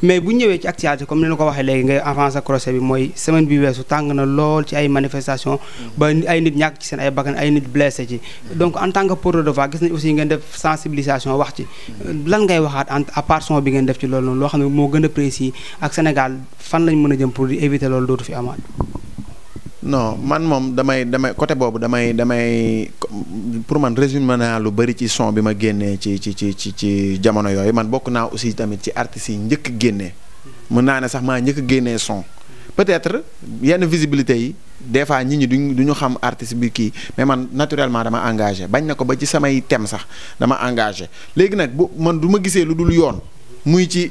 mais bu ñëwee ci actualité comme ni la ko waxee léegi ngay avancé crochet bi mooy semaine bi weesu tàng na lool ci ay manifestation ba ay nit ñàkk ci seen ay bakkan ay nit blessé ci donc en tant que porte de voix gis nañ aussi ngeen def sensibilisation wax ci lan ngay waxaat en à part bi ngeen def ci loolu noonu loo xam ne moo gën a précis ak Sénégal fan lañ mën a jëm pour di éviter loolu dootu fi amaat non man moom damay damay côté boobu damay damay pour man résumé naa lu bëri ci son bi ma génnee ci ci ci ci ci jamono yooyu man bokk naa aussi tamit ci artistes yi njëkk génnee mën naa ne sax maa njëkk génnee son peut-être yenn visibilité yi des fois nit ñi duñ duñu xam artiste bi kii mais man naturellement dama engagé bañ na ko ba ci samay thème sax dama engagé léegi nag bu man du ma gisee lu dul yoon muy ci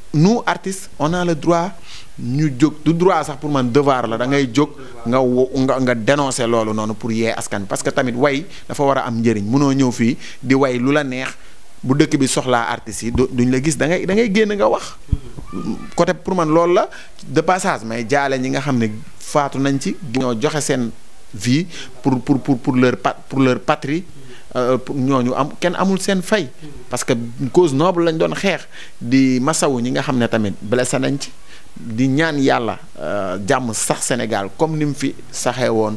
nous artistes on a le droit ñu jog du droit sax pour man devoir la da ngay jog nga nga nga dénoncer lolu noonu pour yé askan parce que tamit way dafa war wara am jëriñ mëno ñëw fi di way lu la neex bu dëkk bi soxla artiste duñ la gis da ngay da ngay génn nga wax. côté pour man lolu la de passage mais jaalé ñi nga xamné faatu nañ ci. ñoo joxé sen vie pour pour pour pour leur pour leur patrie. Euh, ñooñu am kenn amul seen fay parce que cause noble lañ doon xeex di masawu ñi nga xam ne tamit blessé nañ ci di ñaan yàlla euh, jàmm sax Sénégal comme ni mu fi saxee woon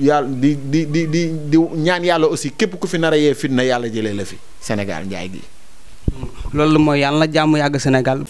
yàlla di di di di di ñaan yàlla aussi képp ku fi nar a yee fitna yàlla jëlee la fi Sénégal njaay gi loolu mooy yàlla jàmm yàgg Sénégal